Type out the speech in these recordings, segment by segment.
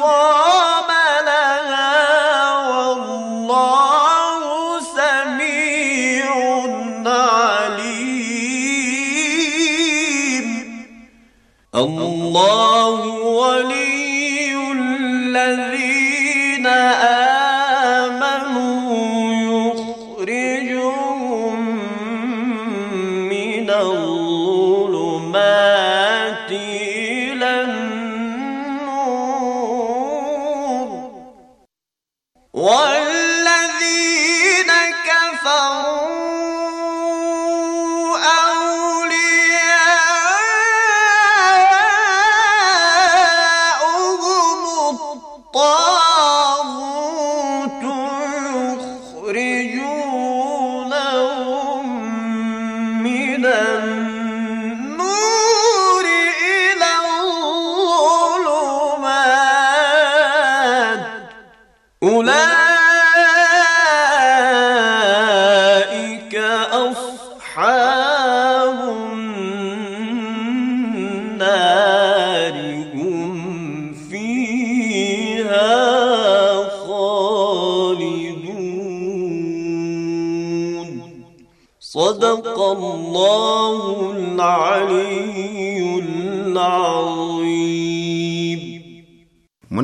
you.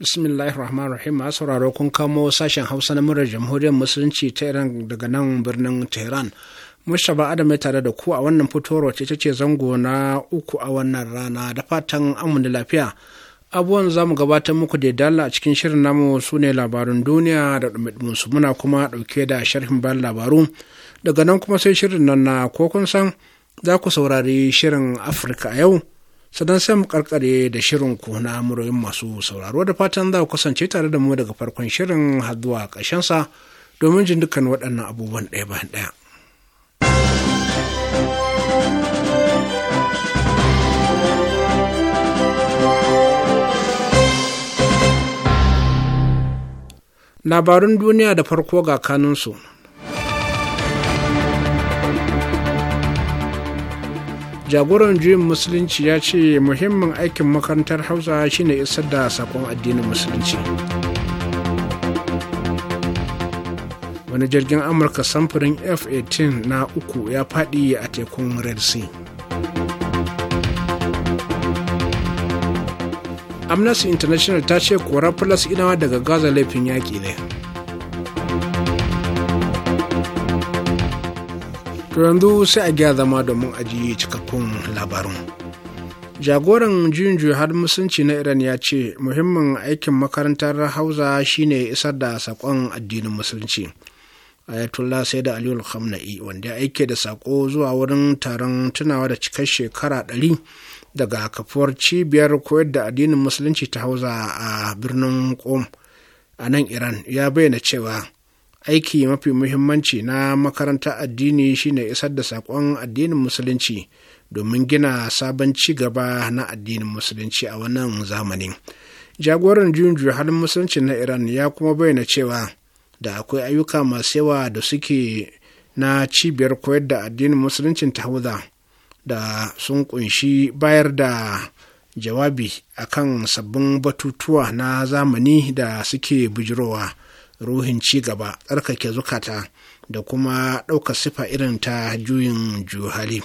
bismillahir rahman rahim a sauraro kun kamo sashen hausa na murar jamhuriyar musulunci ta iran daga nan birnin tehran mustapha adam ya tare da ku a wannan fitowar ce ta ce zango na uku a wannan rana da fatan da lafiya abubuwan za mu gabatar muku da dala a cikin shirin namu su ne labarun duniya da su muna kuma ɗauke da sharhin bayan labaru daga nan kuma sai shirin nan na ko kun san za ku saurari shirin afirka a yau Sadan sai mu karkare da shirin ku na masu sauraro da fatan za ku kasance tare da mu daga farkon shirin har zuwa sa domin jin dukkan waɗannan abubuwan ɗaya bayan ɗaya. Labarun duniya da farko ga kanunsu. jagoran juyin musulunci ya ce muhimmin aikin makarantar hausa shine isar da sakon addinin musulunci wani jirgin amurka samfurin f-18 na uku ya faɗi a tekun red sea amnesty international ta ce kora plus inawa daga gaza laifin yaƙi ne To yanzu sai a gyara zama domin a ajiye cikakkun labarun. Jagoran juyin har musulunci na Iran ya ce muhimmin aikin makarantar Hausa shine isar da saƙon addinin musulunci. Ayatollah da Aliyu Khamenei wanda ya aike da saƙo zuwa wurin taron tunawa da cikar shekara ɗari daga kafuwar cibiyar koyar da addinin musulunci ta Hausa a birnin Qom a nan Iran ya bayyana cewa aiki mafi muhimmanci na makarantar addini shine isar da saƙon addinin musulunci domin gina sabon ci gaba na addinin musulunci a wannan zamani. jagoran juyin halin musulunci na iran ya kuma bayyana cewa da akwai ayyuka masu yawa da suke na cibiyar koyar da addinin musuluncin tahuda da sun kunshi bayar da jawabi akan sabbin batutuwa na zamani da suke bujirowa ruhin ci gaba tsarkake zukata da kuma ɗaukar sifa irin ta juyin juhali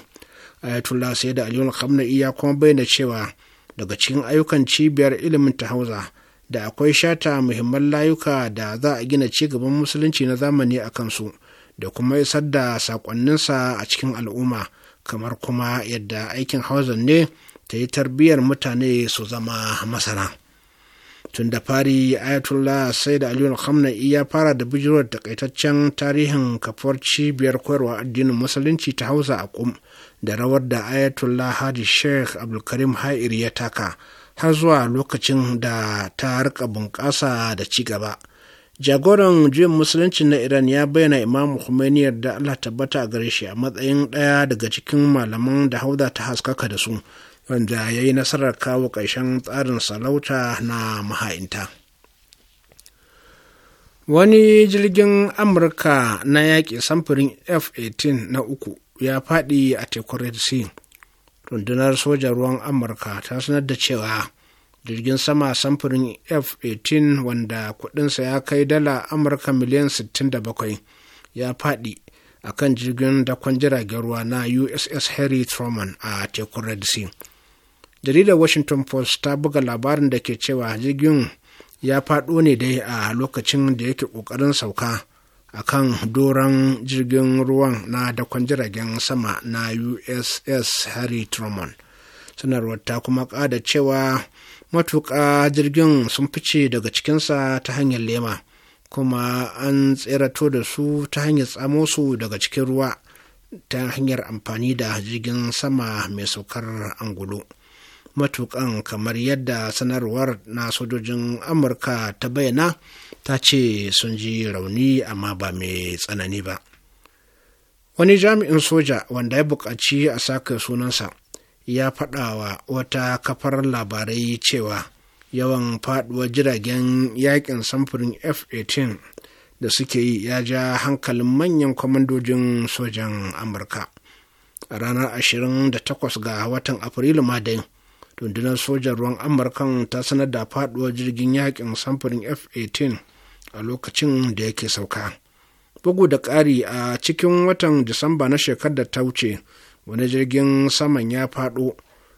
ayatollah sai da aliyu khamna'i ya kuma bayyana cewa daga cikin ayyukan cibiyar ilimin ta hauza da akwai shata muhimman layuka da za a gina ci gaban musulunci na zamani a kansu da kuma isar da saƙonninsa a cikin al'umma kamar kuma yadda aikin hausa ne ta yi tarbiyyar mutane su zama masana. tun da fari ayatollah sai da aliyu khamenei ya fara da da takaitaccen tarihin kafuwar cibiyar koyarwa addinin musulunci ta hausa a kum da rawar da ayatollah hadi sheikh abdulkarim ha'iri ya taka har zuwa lokacin da ta rika bunƙasa da ci gaba jagoran juyin musulunci na iran ya bayyana imam khomeini yarda allah tabbata a gare shi a matsayin ɗaya daga cikin malaman da hauda ta haskaka da su wanda ya yi nasarar kawo ƙarshen tsarin salauta na maha'inta wani jirgin amurka na yaƙi samfurin f-18 na uku ya faɗi a tekun red sea rundunar sojan ruwan amurka ta sanar da cewa jirgin sama samfurin f-18 wanda kudinsa ya kai dala amurka miliyan 67 ya faɗi a kan jirgin dakon jiragen ruwa na uss harry truman a tekun red sea jaridar washington post ta buga labarin da ke cewa jirgin ya faɗo ne dai a lokacin da yake ƙoƙarin sauka a kan doron jirgin ruwan na dakon jiragen sama na uss harry truman sanarwar ta kuma ƙada cewa matuƙa jirgin sun fice daga cikinsa ta hanyar lema kuma an tserato da su ta hanyar tsamo su daga cikin ruwa ta hanyar amfani da jirgin sama mai saukar angulu. matukan kamar yadda sanarwar na sojojin amurka ta bayyana ta ce sun ji rauni amma ba mai tsanani ba wani jami'in soja wanda ya buƙaci a sake sunansa ya faɗawa wata kafar labarai cewa yawan faɗuwar jiragen yakin samfurin f-18 da suke yi ya ja hankalin manyan kwamandojin sojan amurka a ranar 28 ga watan afrilu madayin rundunar sojan ruwan amurkan ta sanar da faduwar jirgin yakin samfurin f-18 a lokacin da yake sauka bugu da ƙari a cikin watan disamba na shekarar da ta wuce wani jirgin saman ya faɗo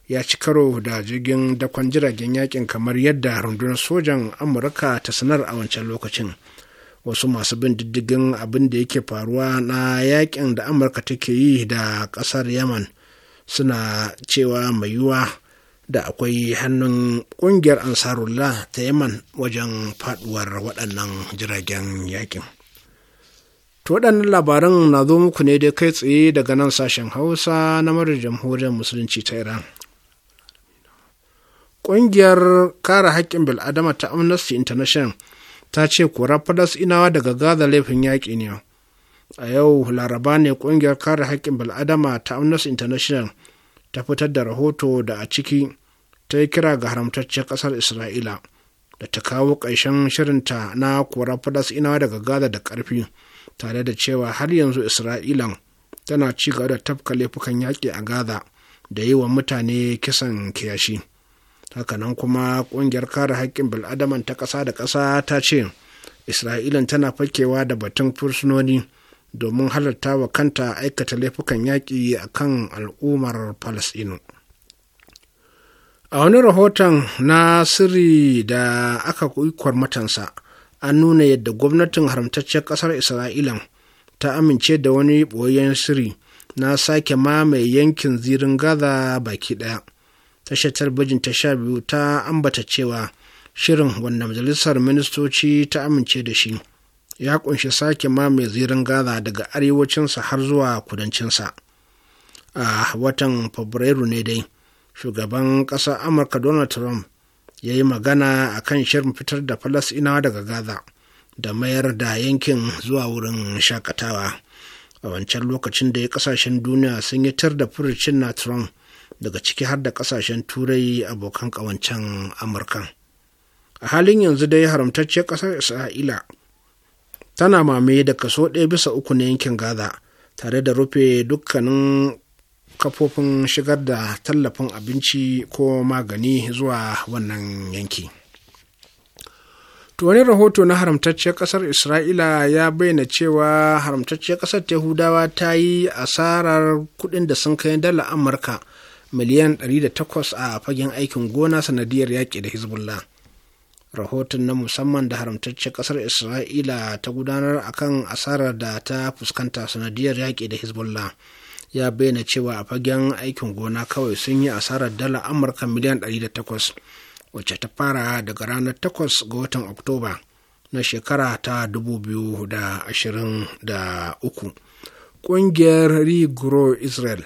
ya ci karo da jirgin dakon jiragen yakin kamar yadda rundunar sojan amurka ta sanar a wancan lokacin wasu masu bin diddigin abin da yake faruwa na yakin da amurka take yi da ƙasar yaman suna cewa mai yiwuwa da akwai hannun ƙungiyar ansarullah ta yaman wajen faduwar waɗannan jiragen yakin to waɗannan labaran na zo muku ne dai kai tsaye daga nan sashen hausa na marar jamhuriyar musulunci ta iran ƙungiyar kare haƙƙin bil'adama ta amnesty international ta ce kora inawa daga gaza laifin yaƙi ne a yau laraba ne ƙungiyar kare haƙƙin bil'adama ta amnesty international ta fitar da rahoto da a ciki ta yi kira ga haramtaccen ƙasar isra'ila da ta kawo ƙarshen shirinta na kora inawa daga gaza da ƙarfi tare da cewa har yanzu isra'ilan tana ci gaba da tafka laifukan yaƙi a gaza da yi wa mutane kisan kiyashi hakanan kuma ƙungiyar kare haƙƙin bil'adaman ta ƙasa da ƙasa ta ce isra'ilan tana fakewa da batun fursunoni domin halarta wa kanta aikata laifukan yaƙi a kan al'ummar falasɗinu a wani rahoton na sirri da aka kwar matansa an nuna yadda gwamnatin haramtacciyar ƙasar isra'ila ta amince da wani ɓoyen sirri na sake mamaye yankin zirin gaza baki ɗaya tashar talbijin ta sha biyu ta ambata cewa shirin wanda majalisar ministoci ta amince da shi ya kunshi sake mamaye zirin gaza daga arewacinsa har zuwa kudancinsa a watan fabrairu ne dai shugaban ƙasar amurka donald trump ya yi magana a kan shirin fitar da falasinawa daga gaza da mayar da yankin zuwa wurin shakatawa a wancan lokacin da ya kasashen duniya sun yi tar da furucin na trump daga ciki har da kasashen turai abokan ƙawancen amurka a halin yanzu dai haramtacciyar ƙasar isra'ila tana mamaye da kaso ɗaya bisa uku na yankin gaza tare da rufe dukkanin kafofin shigar da tallafin abinci ko magani zuwa wannan yanki wani rahoto na haramtacciyar ƙasar isra'ila ya bayyana cewa haramtacciyar ƙasar yahudawa ta yi asarar kuɗin da sun kai dala amurka miliyan 800 a fagen aikin gona sanadiyar yaƙi da hezbollah rahoton na musamman da haramtaccen kasar isra'ila ta gudanar akan asarar da ta fuskanta sanadiyar yaƙi da hezbollah ya bayyana cewa a fagen aikin gona kawai sun yi asarar dala amurka miliyan 108 wacce ta fara daga ranar 8 ga watan oktoba na shekara ta 2023 ƙungiyar rigro israel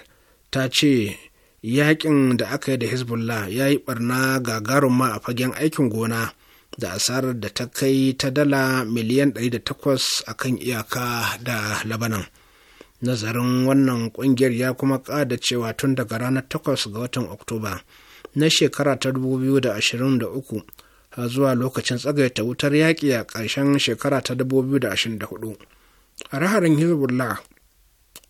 ta ce yaƙin da aka yi da hezbollah ya yi barna gagarumma a fagen aikin gona da asarar da ta kai ta dala miliyan 108 a kan iyaka da labanan nazarin wannan kungiyar ya kuma kada cewa tun daga ranar 8 ga watan oktoba na shekara ta 2023 har zuwa lokacin tsagaita wutar yaƙi a ƙarshen shekara ta 2024 raharin hezbollah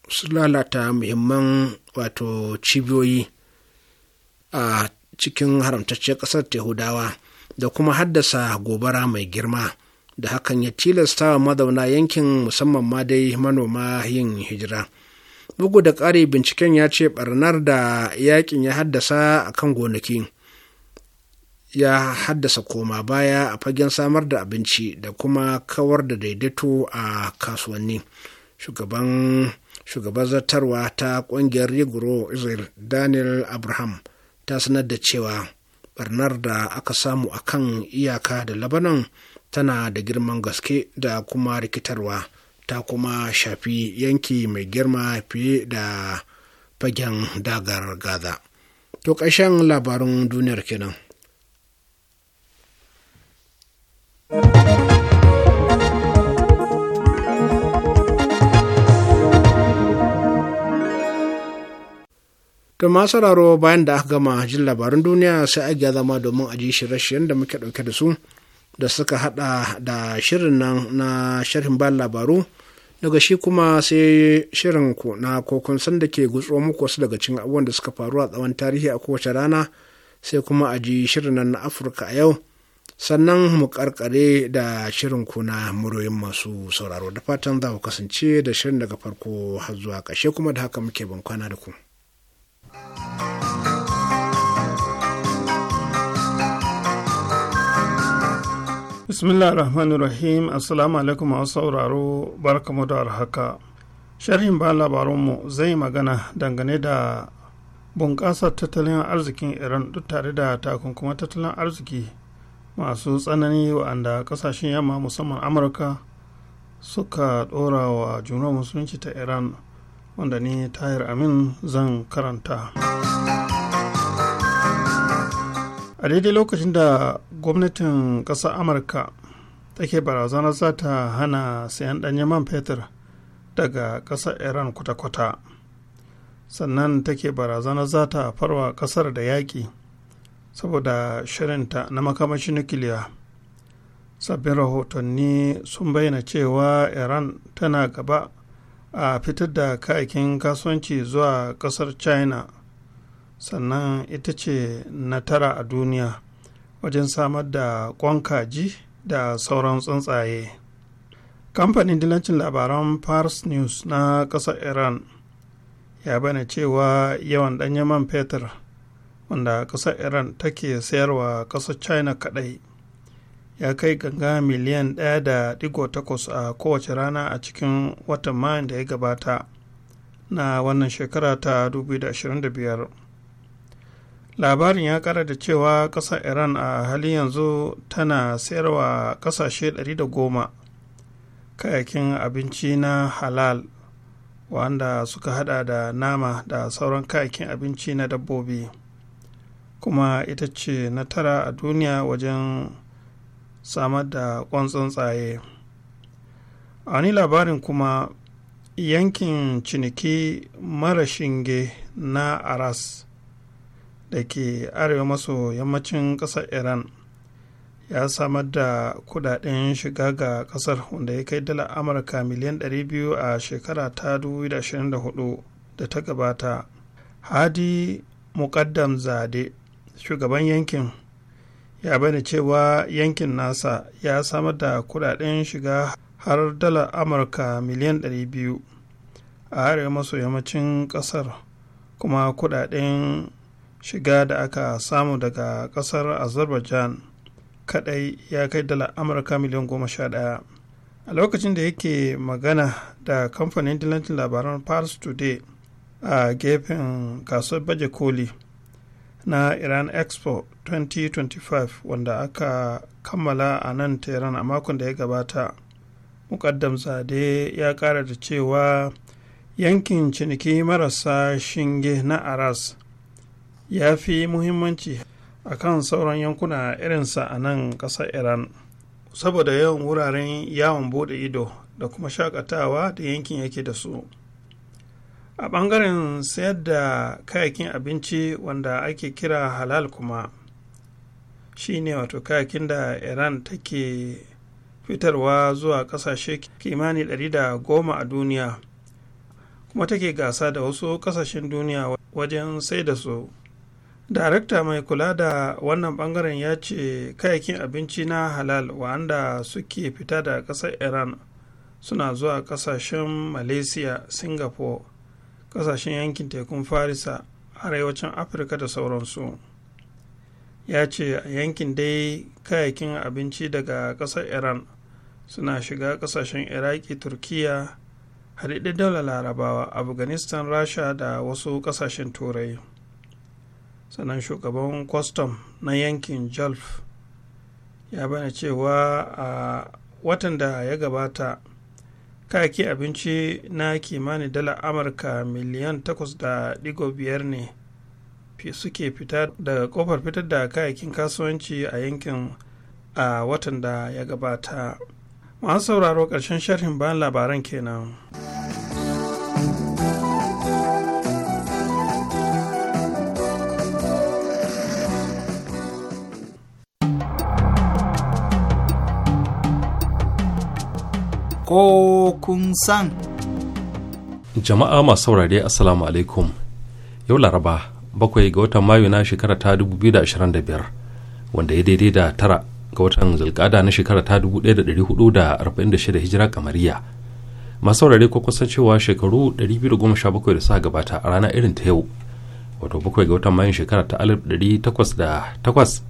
su lalata muhimman wato cibiyoyi a cikin haramtacciyar ƙasar tehudawa da kuma haddasa gobara mai girma da hakan ya tilasta wa mazauna yankin musamman ma dai manoma yin hijira bugu da ƙari binciken ya ce barnar da yakin ya haddasa a kan gonaki ya haddasa koma baya a fagen samar da abinci da kuma kawar da daidaito a kasuwanni shugaban shugaban zartarwa ta ƙungiyar rigoro israel daniel abraham ta sanar da cewa barnar da aka samu a kan iyaka da labanon tana da girman gaske da kuma rikitarwa ta kuma shafi yanki mai girma fiye da fagen dagar gaza to ƙarshen labarin duniyar kenan. To ma sauraro bayan da aka gama jin labarin duniya sai a zama domin a ji shirye-shiryen da muke ɗauke da su da suka haɗa da shirin nan na sharhin bayan labaru daga shi kuma sai shirin ku na kokon san da ke gutso muku wasu daga cikin abubuwan da suka faru a tsawon tarihi a kowace rana sai kuma a ji shirin nan na afirka a yau sannan mu karkare da shirin ku na muryoyin masu sauraro da fatan za ku kasance da shirin daga farko har zuwa ƙarshe kuma da haka muke bankwana da ku. bismillah rahmanir rahim assalamu alaikum masu sauraro barkamu da haka sharhin ba labarunmu zai magana dangane da bunƙasar tattalin arzikin iran duk tare da takunkuma tattalin arziki masu tsanani wa'anda ƙasashen yamma musamman amurka suka ɗora wa juna musulunci ta iran wanda ni tahir amin zan karanta. a daidai lokacin da gwamnatin ƙasar amurka take barazanar za ta hana sayan ɗanyen man fetur daga ƙasar iran kwata-kwata sannan take barazanar za ta farwa ƙasar da yaƙi saboda shirinta na makamashin nukiliya sabbin rahotanni sun bayyana cewa iran tana gaba a fitar da kayakin kasuwanci zuwa ƙasar china sannan ita ce na tara a duniya wajen samar da ƙwan kaji da sauran tsuntsaye kamfanin dilancin labaran pars news na ƙasar iran ya bane cewa yawan ɗanye man fetur wanda ƙasar iran take sayarwa ƙasar china kaɗai ya kai ganga miliyan 1.8 a kowace rana a cikin watan mayan da ya gabata na wannan shekara ta 2025 labarin ya kara da cewa ƙasar iran a halin yanzu tana sayarwa ƙasashe 110 kayakin abinci na halal wanda suka hada da nama da sauran kayakin abinci na dabbobi kuma ita ce na tara a duniya wajen samar da ƙwan tsaye. a wani labarin kuma yankin ciniki mara shinge na aras da ke arewa maso yammacin ƙasar iran ya samar da kudaden shiga ga ƙasar wanda ya kai dala amurka miliyan 200 a shekara ta 2024 da ta gabata hadi mukaddam zade shugaban yankin ya bane cewa yankin nasa ya samar da kudaden shiga har dala amurka miliyan 200 a arewa maso yammacin ƙasar kuma kudaden shiga da aka samu daga kasar azerbaijan kadai ya kai dala amurka miliyan goma sha daya a lokacin da yake magana da kamfanin dillancin labaran paris today a gefen kasuwar baje koli na iran expo 2025 wanda aka kammala a nan tehran a makon da ya gabata mukaddam zade ya kara da cewa yankin ciniki marasa shinge na aras ya fi muhimmanci a kan sauran yankuna irinsa a nan ƙasar iran saboda yawan wuraren yawon bude ido da kuma shakatawa da yankin yake da su a ɓangaren sayar da kayakin abinci wanda ake kira halal kuma shine wato kayakin da iran take fitarwa zuwa ƙasashe kimani goma a duniya kuma take gasa da wasu ƙasashen duniya wajen sai da su darakta mai kula da wannan bangaren ya ce kayakin abinci na halal wanda suke fita da ƙasar iran suna zuwa ƙasashen malaysia singapore ƙasashen yankin tekun farisa arewacin afirka da sauransu ya ce a yankin dai kayakin abinci daga ƙasar iran suna shiga ƙasashen iraki turkiya haɗaɗɗen daular larabawa afghanistan rasha da wasu ƙasashen turai sannan shugaban kwastam na yankin jolf ya bayyana cewa a watan da ya gabata kayaki abinci na kimanin dala amurka miliyan 8.5 ne suke fita daga kofar fitar da kayakin kasuwanci a yankin a watan da ya gabata masu sauraro ƙarshen sharhin bayan labaran kenan. ko kun san. Jama'a masu saurare Assalamu alaikum. Yau Laraba bakwai ga watan Mayu na shekara ta 2025 wanda ya daidai da tara ga watan zulkada na shekara ta 1446 hijira kamariya. Masu saurare ko kusan cewa shekaru 217 da suka gabata a rana irin ta yau. Wato bakwai ga watan Mayun shekara ta 1808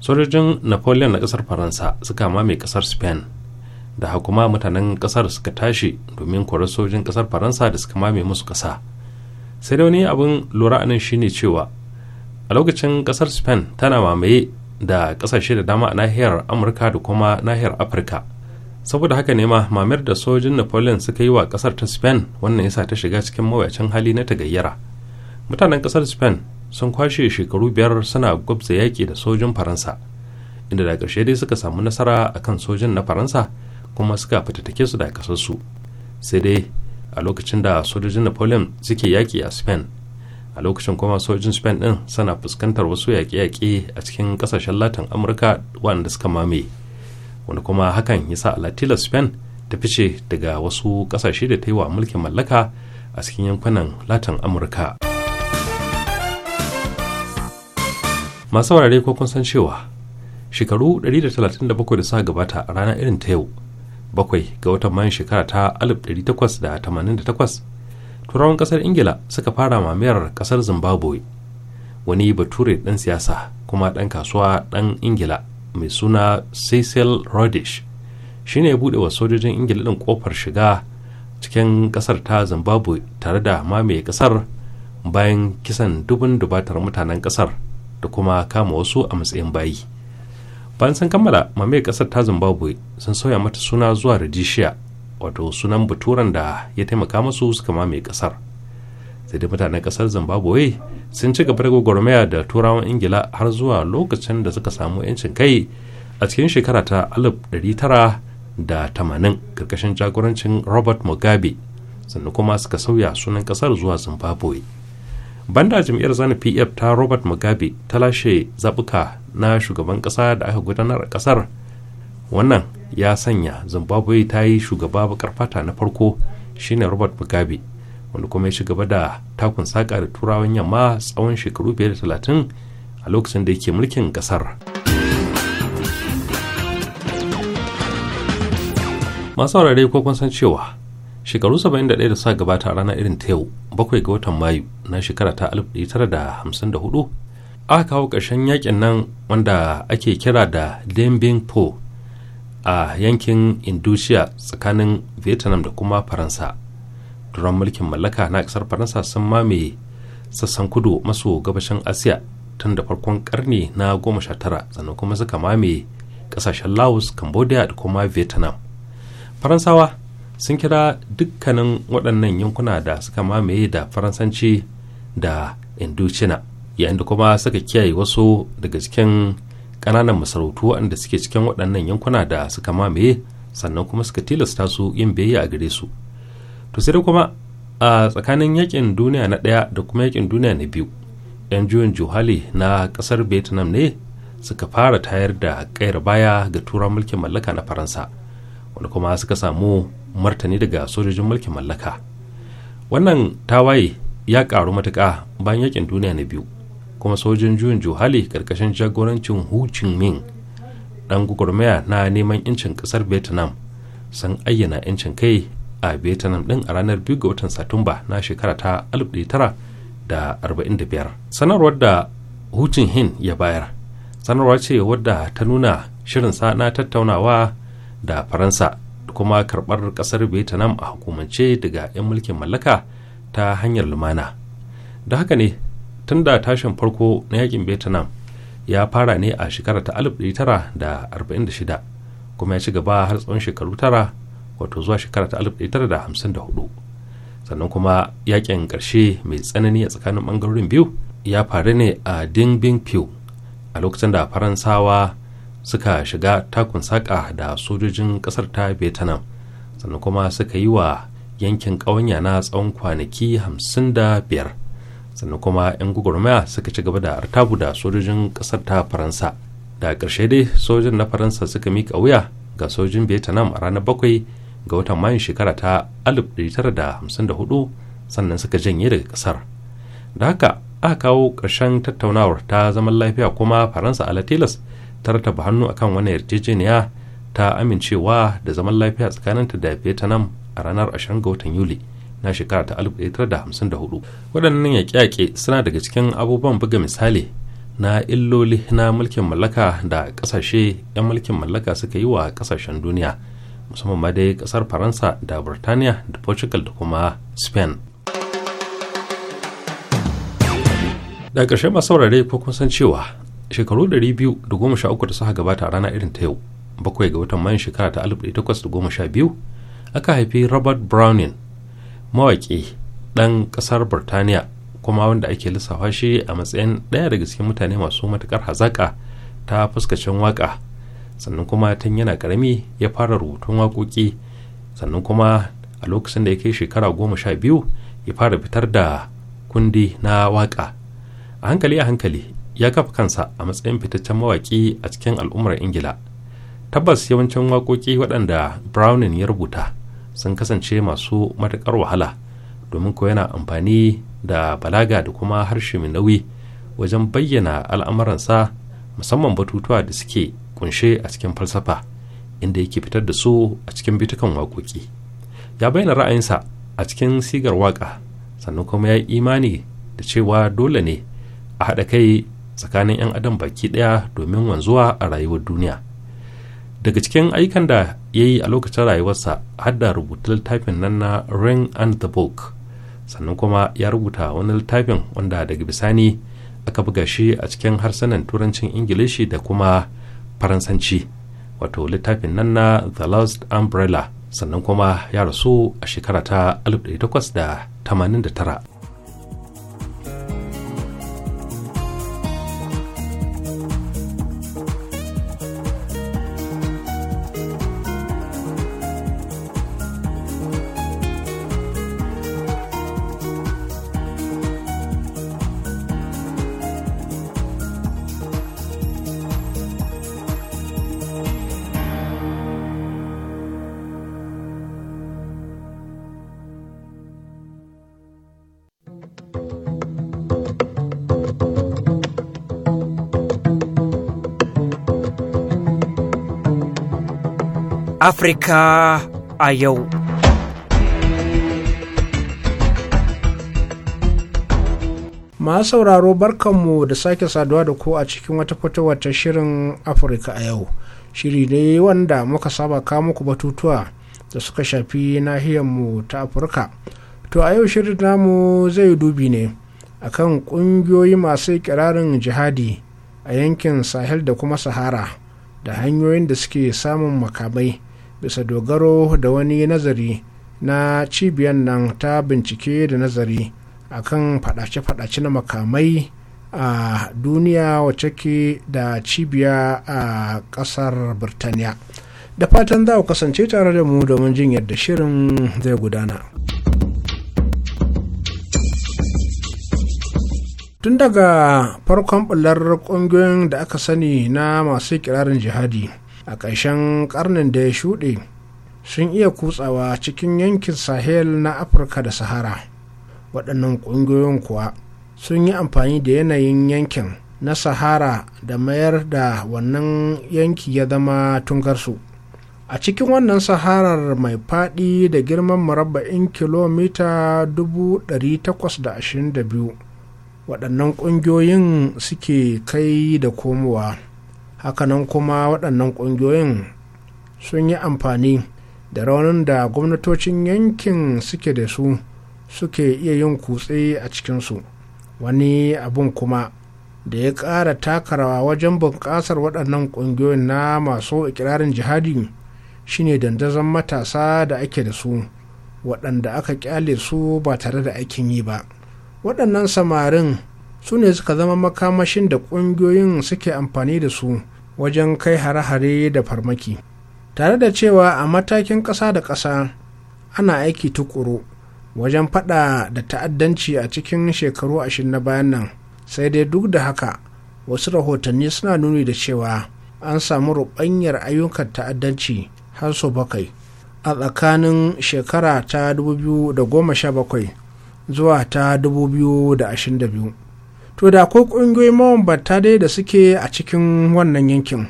sojojin Napoleon na kasar Faransa suka mame kasar Spain da hakuma mutanen kasar suka tashi domin korar sojin kasar faransa da suka mame musu kasa sai da wani abin lura anan shine cewa a lokacin kasar spain tana mamaye da kasashe da dama a nahiyar amurka da kuma nahiyar afirka saboda haka ne ma mamayar da sojin napoleon suka yi wa kasar ta spain wannan yasa ta shiga cikin mawuyacin hali na tagayyara mutanen kasar spain sun kwashe shekaru biyar suna gwabza yaƙi da sojin faransa inda da ƙarshe dai suka samu nasara akan sojin na faransa kuma suka fitattake su da kasarsu sai dai a lokacin da sojojin napoleon suke yaƙi a spain a lokacin kuma sojojin spain ɗin suna fuskantar wasu yaƙe-yaƙe a cikin ƙasashen latin amurka wanda suka mame wanda kuma hakan ya sa alatila spain ta fice daga wasu ƙasashe da ta yi wa mulkin mallaka a cikin yankunan latin amurka masu saurare ko kun san cewa shekaru 137 da suka gabata a ranar irin ta yau bakwai ga watan mayun shekara ta 1888 turawan kasar ingila suka fara mamayar kasar zimbabwe wani bature dan siyasa kuma dan kasuwa dan ingila mai suna cecil rodish shine ya buɗe wa sojojin ingila ɗin ƙofar shiga cikin kasar ta zimbabwe tare da mamaye kasar bayan kisan dubin dubatar mutanen kasar da kuma kama wasu a matsayin bayi bayan sun kammala mamaye kasar ta zimbabwe sun sauya mata suna zuwa rajishiya wato sunan baturan da ya taimaka masu suka mamaye kasar sai dai mutanen kasar zimbabwe sun ci gaba da gwagwarmaya da turawan ingila har zuwa lokacin da suka samu 'yancin kai a cikin shekara ta 1980 karkashin jagorancin robert mugabe sannan kuma suka sauya sunan kasar zuwa zimbabwe banda jam'iyyar zanu pf ta robert mugabe ta lashe zaɓuka na shugaban ƙasa da aka gudanar a ƙasar wannan ya sanya zimbabwe ta yi shugaba baƙar fata na farko shine robert mugabe wanda kuma ya ci gaba da takun saƙa da turawan yamma tsawon shekaru biyar da talatin a lokacin da yake mulkin kasar masu ko kun san cewa shekaru 71 da suka gabata a ranar irin ta yau bakwai ga watan mayu na shekara ta 1954 aka kawo ƙarshen yakin nan wanda ake kira da dembing po a yankin indusia tsakanin vietnam da kuma faransa duran mulkin mallaka na ƙasar faransa sun mamaye sassan kudu maso gabashin asiya tun da farkon karni na 19 sannan kuma suka mamaye ƙasashen laos cambodia da kuma vietnam faransawa sun kira dukkanin waɗannan yankuna da suka mamaye da faransanci da indochina yayin da kuma suka kiyaye wasu daga cikin ƙananan masarautu waɗanda suke cikin waɗannan yankuna da suka mamaye sannan kuma suka tilasta su yin biyayya a gare su to sai kuma a tsakanin yakin duniya na ɗaya da kuma yakin duniya na biyu 'yan juyin juhali na ƙasar vietnam ne suka fara tayar da ƙayar baya ga turan mulkin mallaka na faransa wanda kuma suka samu martani daga sojojin mulkin mallaka wannan tawaye ya karu matuka bayan yakin duniya na biyu kuma sojin juyin juhali karkashin jagorancin hu chi minh dan gugurmaya na neman incin kasar vietnam sun ayyana incin kai a vietnam din a ranar 2 ga watan satumba na shekara ta 1945 sanarwar da hu hin ya bayar sanarwa ce wadda ta nuna shirin sa na tattaunawa da faransa kuma karɓar ƙasar vietnam a hukumance daga 'yan mulkin mallaka ta hanyar lumana da haka ne tun da tashin farko na yakin vietnam ya fara ne a shekara ta 1946 kuma ya ci gaba har tsawon shekaru tara wato zuwa shekara ta 1954 sannan kuma yakin ƙarshe mai tsanani a tsakanin ɓangarorin biyu ya faru ne a ding a lokacin da faransawa suka shiga takun saƙa da sojojin ƙasar ta vietnam sannan kuma suka yi wa yankin ƙawanya na tsawon kwanaki 55 sannan kuma 'yan gugurmaya suka ci gaba da artabu da sojojin ƙasar ta faransa da ƙarshe dai sojin na faransa suka mika wuya ga sojin vietnam a ranar bakwai ga watan mayun shekara ta 1954 sannan suka janye daga ƙasar da haka aka kawo ƙarshen tattaunawar ta zaman lafiya kuma faransa ala tilas ta rataba hannu akan wani yarjejeniya ta amincewa da zaman lafiya tsakaninta da nan a ranar 20 ga watan yuli na shekara ta 1954 waɗannan yaƙe-yaƙe suna daga cikin abubuwan buga misali na illoli na mulkin mallaka da ƙasashe 'yan mulkin mallaka suka yi wa ƙasashen duniya musamman ma dai ƙasar faransa da burtaniya da portugal da kuma spain da ƙarshe masu saurare ko kun san cewa shekaru 213 da goma sha uku suka gabata a rana irin ta yau bakwai ga watan mayan shekara ta biyu aka haifi robert browning mawaƙi ɗan ƙasar birtaniya kuma wanda ake lissafa shi a matsayin ɗaya daga cikin mutane masu matuƙar hazaƙa ta fuskacin waƙa sannan kuma tun yana ƙarami ya fara rubutun waƙoƙi sannan kuma a lokacin da ya kai shekara goma sha biyu ya fara fitar da kundi na waƙa a hankali a hankali ya kafa kansa a matsayin fitaccen mawaƙi a cikin al'ummar ingila tabbas yawancin waƙoƙi waɗanda browning ya rubuta sun kasance masu matuƙar wahala domin ko yana amfani da balaga da kuma harshe mai nauyi wajen bayyana al'amuransa musamman batutuwa da suke kunshe a cikin falsafa inda yake fitar da su a cikin bitukan waƙoƙi ya bayyana ra'ayinsa a cikin sigar waƙa sannan kuma ya imani da cewa dole ne a haɗa kai tsakanin 'yan adam baki ɗaya domin wanzuwa a rayuwar duniya daga cikin ayyukan da ya yi a lokacin rayuwarsa har da rubuta littafin nan na ring and the book sannan kuma ya rubuta wani littafin wanda daga bisani aka buga shi a cikin harsunan turancin ingilishi da kuma faransanci wato littafin nan na the last umbrella sannan kuma ya rasu a shekara ta 1889 Afrika a yau. Masu sauraro barkanmu da sake saduwa da ku a cikin wata fitowar ta shirin Afirka a yau. Shiri ne wanda muka saba kawo muku batutuwa da suka shafi nahiyarmu ta Afirka. To a yau shirin namu zai dubi ne akan ƙungiyoyi masu kirarin jihadi a yankin Sahel da kuma Sahara da hanyoyin da suke samun makamai. bisa dogaro da wani nazari na cibiyar nan ta bincike da nazari akan fadace-fadace na makamai a duniya wacce ke da cibiya a kasar birtaniya da fatan za ku kasance tare da mu domin jin yadda shirin zai gudana tun daga farkon bular kungiyoyin da aka sani na masu kirarin jihadi a ƙarshen ƙarnin da ya shuɗe sun iya kutsawa cikin yankin sahel na afirka da sahara waɗannan ƙungiyoyin kuwa sun yi amfani da yanayin yankin na sahara da mayar da wannan yanki ya zama tungarsu a cikin wannan saharar mai faɗi da girman murabba'in kilomita 822 waɗannan ƙungiyoyin suke kai da komowa hakanan kuma waɗannan ƙungiyoyin sun yi amfani da raunin da gwamnatocin yankin suke da su suke iya yin kutse a cikinsu wani abun kuma da ya ƙara takarawa wajen bunƙasar waɗannan ƙungiyoyin na masu ikirarin jihadi shine dandazon matasa da ake da su waɗanda aka ƙyale su ba tare da aikin yi ba waɗannan samarin su ne suka zama makamashin da ƙungiyoyin suke amfani da su wajen kai hare-hare da farmaki tare da cewa a matakin ƙasa da ƙasa ana aiki tukuru wajen faɗa da ta'addanci a cikin shekaru ashirin na bayan nan sai dai duk da haka wasu rahotanni suna nuni da cewa an samu rubanyar ayyukan ta'addanci har sau bakwai a tsakanin shekara ta 2017 zuwa ta 2022 to da ko ƙungiyoyi mabambanta dai da suke a cikin wannan yankin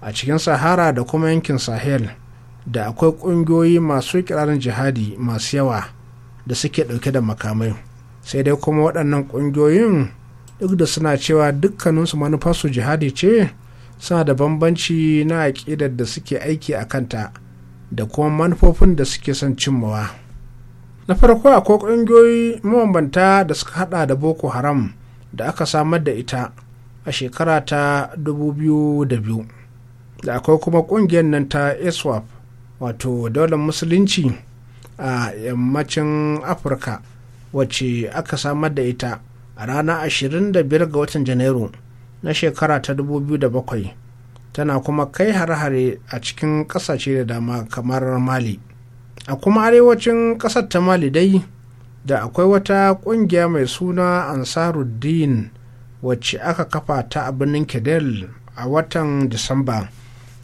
a cikin sahara da kuma yankin sahel da akwai ƙungiyoyi masu kirarin jihadi masu yawa da suke ɗauke da makamai sai dai kuma waɗannan ƙungiyoyin duk da suna cewa dukkaninsu manufarsu jihadi ce suna da bambanci na aƙidar da suke aiki a kanta da kuma manufofin da suke son cimmawa na farko akwai ƙungiyoyi mabambanta da suka hada da boko haram da aka samar da ita a shekara ta 2002 da akwai kuma kungiyar nan ta eswap wato daular musulunci a yammacin afirka wacce aka samar da ita a ranar 25 ga watan janairu na shekara ta 2007 tana kuma kai har hare a cikin kasashe da dama kamar mali a kuma arewacin kasar ta mali dai da akwai wata ƙungiya mai suna ansaruddin wacce aka kafa ta a birnin kedel a watan disamba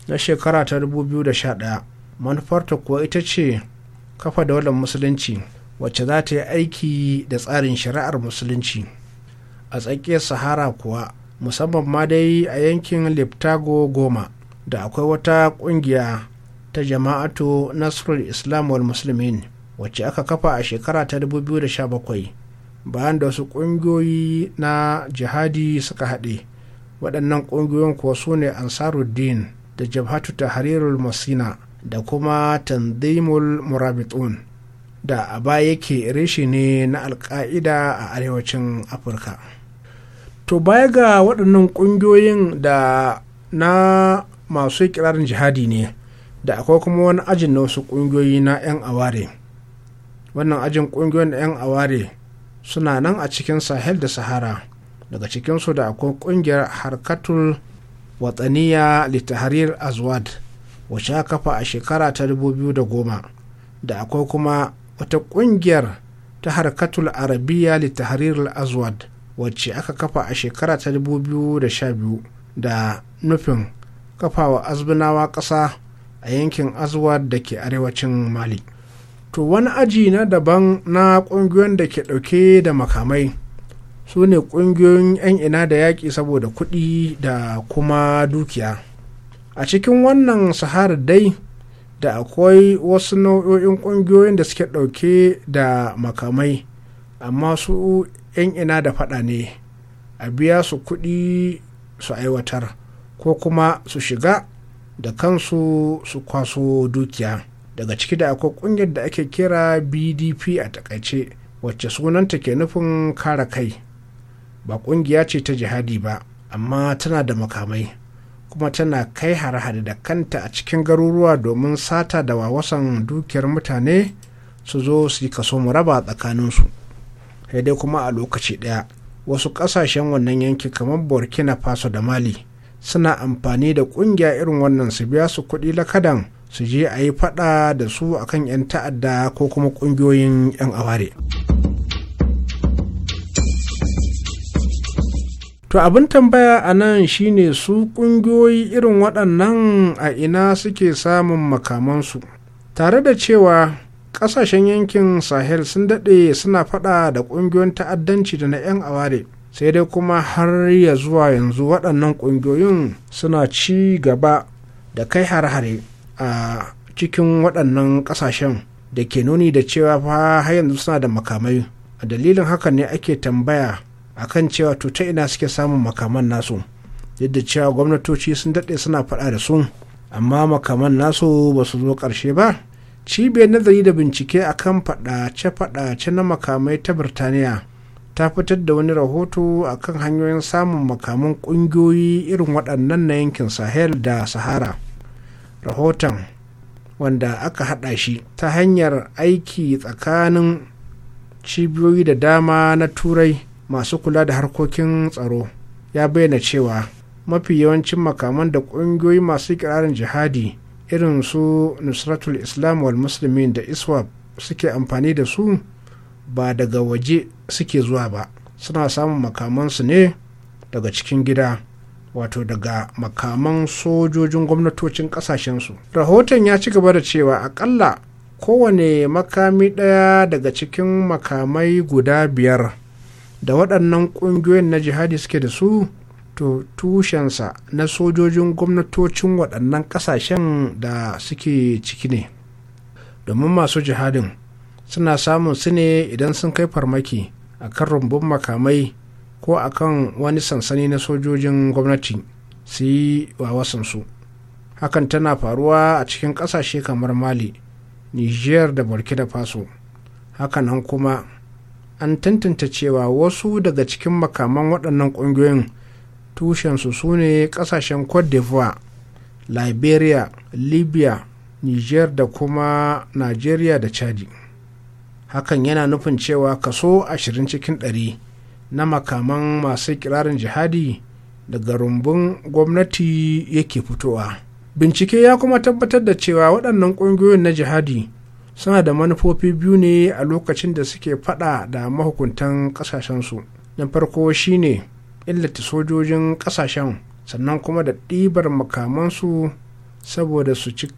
na shekara ta 2011 manufarta kuwa ita ce kafa daular musulunci wacce za ta yi aiki da tsarin shari'ar musulunci a tsakiyar sahara kuwa musamman ma dai a yankin liptago goma da akwai wata ƙungiya ta jama'atu nasrul islam Musulmi wacce aka kafa a shekara ta 2017 bayan da wasu ƙungiyoyi na jihadi suka haɗe waɗannan ƙungiyoyin kuwa su ne ansaruddin da jabhatu tahrirul masina da kuma tanzimul murabitun da a baya yake reshe ne na alka'ida a arewacin afirka to baya ga waɗannan ƙungiyoyin da na masu kirarin jihadi ne da akwai kuma wani ajin na wasu ƙungiyoyi na 'yan aware wannan ajin ƙungiyoyin 'yan aware suna nan a cikin sahel da sahara daga cikinsu da akwai ƙungiyar harkatul watsaniya litaharir azwad wacce aka kafa a shekara ta 2010 da akwai kuma wata ƙungiyar ta harkatul arabiya litaharir azwad wacce aka kafa a shekara ta 2012 da nufin kafawa azbinawa ƙasa a yankin azwad da ke arewacin mali to wani aji na daban na ƙungiyoyin da ke ɗauke da makamai su ne ƙungiyoyin 'yan ina da yaƙi saboda kuɗi da kuma dukiya a cikin wannan sahara dai da akwai wasu nau'o'in ƙungiyoyin da suke ɗauke da makamai amma su 'yan ina da faɗa ne a biya su kuɗi su aiwatar ko kuma su shiga da kansu su kwaso dukiya daga ciki da akwai kungiyar da ake kira bdp a takaice wacce sunanta ke nufin kare kai ba kungiya ce ta jihadi ba amma tana da makamai kuma tana kai hare-hare da kanta a cikin garuruwa domin sata da wawasan dukiyar mutane su zo su yi kaso mu raba tsakaninsu sai dai kuma a lokaci ɗaya wasu ƙasashen wannan yanki kamar burkina faso da mali suna amfani da ƙungiya irin wannan su biya su kuɗi lakadan su je a yi fada da su akan 'yan ta'adda ko kuma kungiyoyin 'yan aware. To abin tambaya a nan shine su kungiyoyi irin waɗannan a ina suke samun makamansu tare da cewa ƙasashen yankin sahel sun daɗe suna faɗa da ƙungiyoyin ta'addanci da na 'yan aware. sai dai kuma har ya zuwa yanzu waɗannan ƙungiyoyin suna ci gaba da kai har-hare a cikin waɗannan ƙasashen da ke nuni da cewa fa har yanzu suna da makamai a dalilin haka ne ake tambaya a kan cewa to ta ina suke samun makaman nasu yadda cewa gwamnatoci sun daɗe suna faɗa da su amma makaman nasu ba su zo ƙarshe ba cibiyar nazari da bincike a akan faɗace-faɗace na makamai ta birtaniya ta fitar da wani rahoto akan hanyoyin samun makaman ƙungiyoyi irin waɗannan na yankin sahel da sahara rahoton wanda aka hada shi ta hanyar aiki tsakanin cibiyoyi da dama na turai masu kula da harkokin tsaro ya bayyana cewa mafi yawancin makaman da kungiyoyi masu kirarin jihadi irin su nusratul islam wal muslimin da iswap suke amfani da su ba daga waje suke zuwa ba suna samun makamansu ne daga cikin gida wato daga makaman sojojin gwamnatocin kasashensu rahoton ya ci gaba da cewa akalla kowane makami ɗaya daga cikin makamai guda biyar da waɗannan ƙungiyoyin na jihadi suke da su to tushensa na sojojin gwamnatocin waɗannan ƙasashen da suke ciki ne domin masu jihadin suna samun su ne idan sun kai farmaki a kan rumbun makamai ko a kan wani sansani na sojojin gwamnati su yi wa wasansu hakan tana faruwa a cikin ƙasashe kamar mali niger da burkina faso hakanan kuma an tantance cewa wasu daga cikin makaman waɗannan ƙungiyoyin tushensu su ne ƙasashen cote d'ivoire liberia libya niger da kuma nigeria da chadi hakan yana nufin cewa kaso 20 cikin ɗari. na makaman masu kirarin jihadi daga rumbun gwamnati yake fitowa bincike ya kuma tabbatar da cewa waɗannan ƙungiyoyin na jihadi suna da manufofi biyu ne a lokacin da suke faɗa da mahukuntan ƙasashensu na farko shi ne illata sojojin ƙasashen sannan kuma da ɗibar makamansu saboda su ci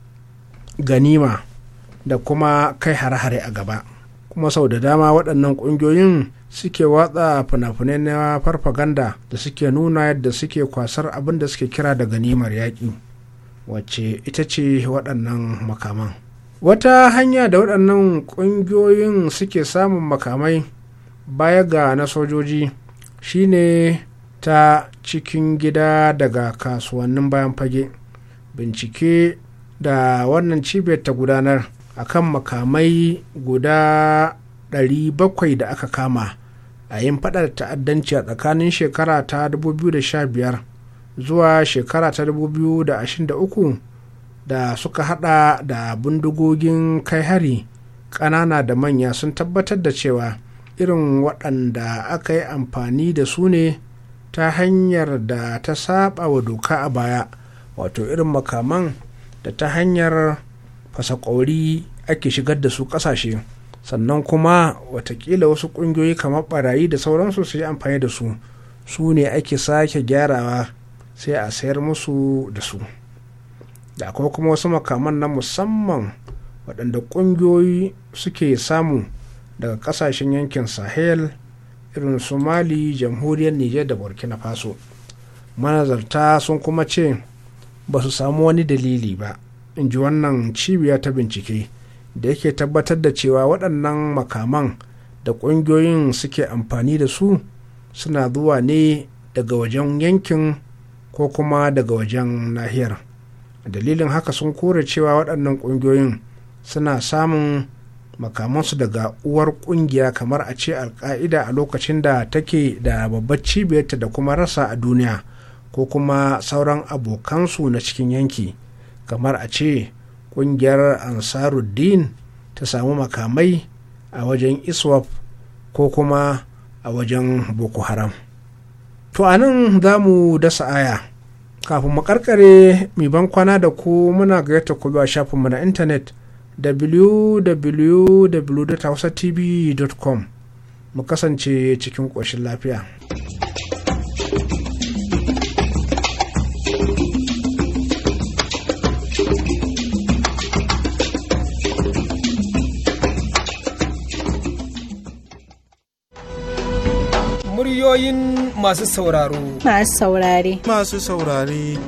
ganima da kuma kai hare-hare a gaba kuma sau da dama waɗannan ƙungiyoyin suke watsa fina-finai na farfaganda da suke nuna yadda suke kwasar abin da suke kira da ganimar yaƙi wacce ita ce waɗannan makaman wata hanya da waɗannan ƙungiyoyin suke samun makamai baya ga na sojoji shine ta cikin gida daga kasuwannin bayan fage bincike da wannan cibiyar ta gudanar akan makamai guda 700 da aka kama a yin faɗa da ta'addanci a tsakanin shekara ta 2015 zuwa shekara ta 2023 da suka hada da bindigogin kai hari ƙanana da manya sun tabbatar da cewa irin waɗanda aka yi amfani da su ne ta hanyar da ta saba wa doka a baya wato irin makaman da ta hanyar fasakori ake shigar da su ƙasashe. sannan kuma watakila wasu kungiyoyi kamar barayi da sauransu su yi amfani da su su ne ake sake gyarawa sai a sayar musu da su da akwai kuma wasu makaman na musamman waɗanda ƙungiyoyi suke samu daga ƙasashen yankin sahel irin su mali jamhuriyar niger da burkina faso manazarta sun kuma ce ba su samu wani dalili ba in ji wannan cibiya ta bincike da yake tabbatar da cewa waɗannan makaman da ƙungiyoyin suke amfani da su suna zuwa ne daga wajen yankin ko kuma daga wajen nahiyar dalilin haka sun kore cewa waɗannan ƙungiyoyin suna samun makamansu daga uwar ƙungiya kamar a ce alka'ida a lokacin da take da babbar cibiyarta da kuma rasa a duniya ko kuma sauran abokansu na cikin yanki kamar a ce ƙungiyar ansaruddin ta samu makamai a wajen iswap ko kuma a wajen boko haram to a nan za mu dasa aya kafin mu karkare mai ban kwana da ku muna gayyata ku zuwa shafinmu na intanet www.hausatv.com mu kasance cikin ƙoshin lafiya. Muryoyin masu sauraro. Masu saurare. Masu saurare.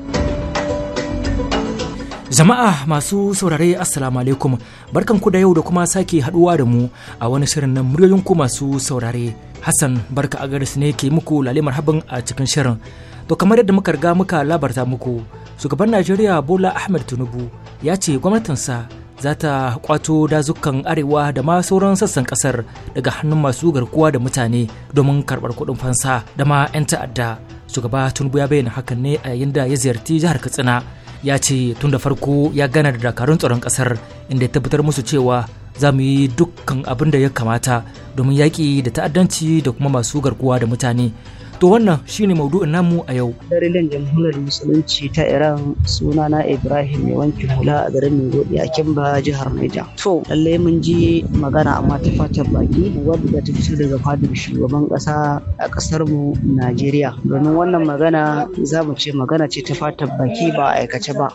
Jama'a masu saurare Assalamu alaikum barkan ku da yau da kuma sake haduwa da mu a wani shirin na muryoyin ku masu saurare. Hassan barka a garis ne ke muku lale marhaban a cikin shirin. To kamar yadda muka riga muka labarta muku, shugaban Najeriya Bola Ahmed Tinubu ya ce gwamnatinsa za ta kwato dazukan arewa da ma sauran sassan kasar daga hannun masu garkuwa da mutane domin karbar kudin fansa da ma 'yan ta'adda shugaba tun ya bayyana hakan ne a yayin da ya ziyarci jihar katsina ya ce tun da farko ya gana da dakarun tsaron kasar inda ya tabbatar musu cewa za mu yi dukkan abin da ya kamata domin yaƙi da ta'addanci da kuma masu garkuwa da mutane To wannan shine maudu'in namu a yau. Darilin Jamhuriyar Musulunci ta Iran sunana Ibrahim ya wanke hula a garin Nigo a Kimba jihar Niger. To lallai mun ji magana amma ta fatan baki wadda ta fito daga fadin shugaban kasa a kasar mu Najeriya. Domin wannan magana za mu ce magana ce ta fatan baki ba a aikace ba.